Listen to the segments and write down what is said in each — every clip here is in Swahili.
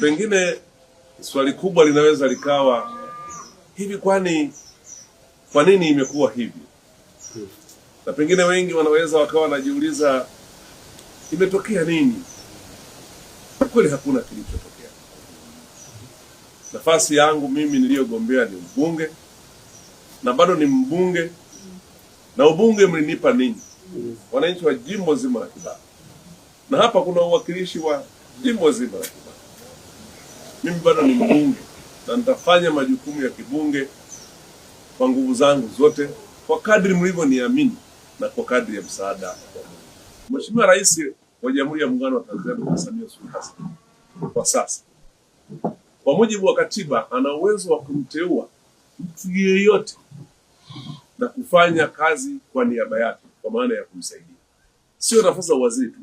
Pengine swali kubwa linaweza likawa hivi, kwani kwa nini imekuwa hivi? Na pengine wengi wanaweza wakawa wanajiuliza imetokea nini? Kweli hakuna kilichotokea. Nafasi yangu mimi niliyogombea ni ubunge na bado ni mbunge, na ubunge mlinipa ninyi wananchi wa jimbo zima la Kibaha, na hapa kuna uwakilishi wa jimbo zima la Kibaha mimi bado ni mbunge na nitafanya majukumu ya kibunge kwa nguvu zangu zote kwa kadri mlivyoniamini na kwa kadri ya msaada wa Mheshimiwa Rais wa Jamhuri ya Muungano wa Tanzania Samia Suluhu Hassan kwa sasa, kwa mujibu wa katiba, ana uwezo wa kumteua mtu yeyote na kufanya kazi kwa niaba yake, kwa maana ya kumsaidia, sio nafasi za waziri tu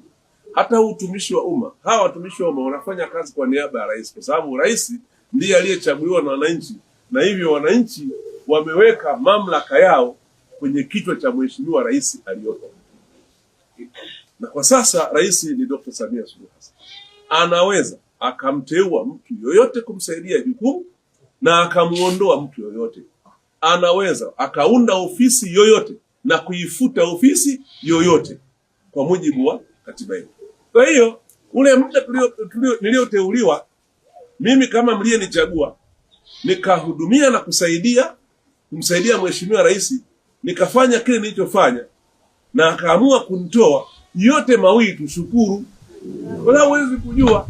hata huu utumishi wa umma, hawa watumishi wa umma wanafanya kazi kwa niaba ya rais, kwa sababu rais ndiye aliyechaguliwa na wananchi, na hivyo wananchi wameweka mamlaka yao kwenye kichwa cha mheshimiwa rais aliyopo. Na kwa sasa rais ni Dr. Samia Suluhu Hassan, anaweza akamteua mtu yoyote kumsaidia jukumu na akamuondoa mtu yoyote. Anaweza akaunda ofisi yoyote na kuifuta ofisi yoyote kwa mujibu wa katiba yetu. Kwa hiyo ule muda niliyoteuliwa mimi kama mliyenichagua, nikahudumia na kusaidia kumsaidia Mheshimiwa Rais, nikafanya kile nilichofanya na akaamua kunitoa. Yote mawili tushukuru, Wala uwezi huwezi kujua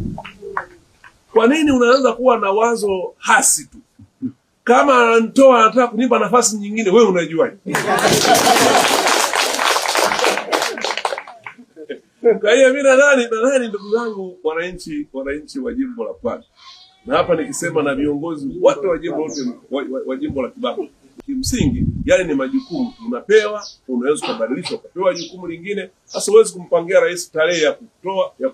kwa nini unaanza kuwa na wazo hasi tu. Kama anantoa anataka kunipa nafasi nyingine, wewe unajua. Kwa hiyo mimi nadhani nadhani, ndugu zangu wananchi, wananchi wa jimbo la Pwani, na hapa nikisema na viongozi wote wa jimbo wote wa jimbo la Kibaha, kimsingi yale ni majukumu unapewa, unaweza kubadilishwa ukapewa jukumu lingine. Sasa huwezi kumpangia rais tarehe ya kutoa ya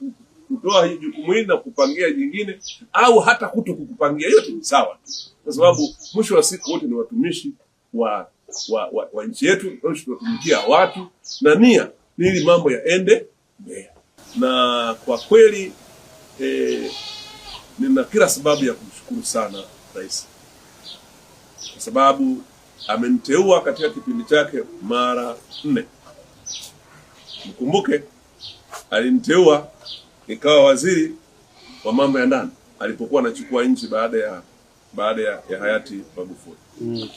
kutoa hii jukumu hili na kupangia jingine, au hata kuto kukupangia, yote ni sawa tu, kwa sababu mwisho wa siku wote ni watumishi wa wa, wa, wa nchi yetu, tunatumikia watu na nia ni ili mambo yaende Mbeya, na kwa kweli eh, nina kila sababu ya kumshukuru sana rais kwa sababu ameniteua katika kipindi chake mara nne. Mkumbuke aliniteua ikawa waziri wa mambo ya ndani alipokuwa anachukua nchi baada ya baada ya, ya hayati Magufuli mm.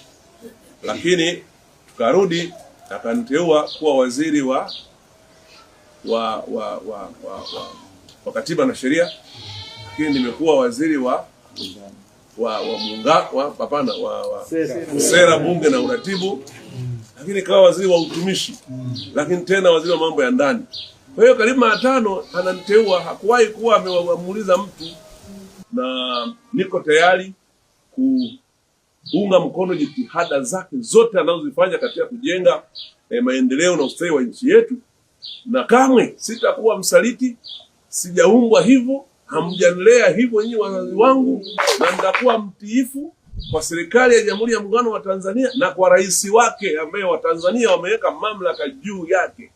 Lakini tukarudi akaniteua kuwa waziri wa wa, wa, wa, wa, wa, wa katiba na sheria, lakini nimekuwa waziri wa wa wa muunga, wa hapana wa, wa sera bunge na uratibu, lakini kawa waziri wa utumishi, lakini tena waziri wa mambo ya ndani. Kwa hiyo karibu mara tano ananiteua, hakuwahi kuwa amewamuuliza mtu, na niko tayari kuunga mkono jitihada zake zote anazozifanya katika kujenga eh, maendeleo na ustawi wa nchi yetu na kamwe sitakuwa msaliti. Sijaumbwa hivyo, hamjanlea hivyo nyinyi wazazi wangu, na nitakuwa mtiifu kwa serikali ya Jamhuri ya Muungano wa Tanzania na kwa rais wake ambaye Watanzania wameweka mamlaka juu yake.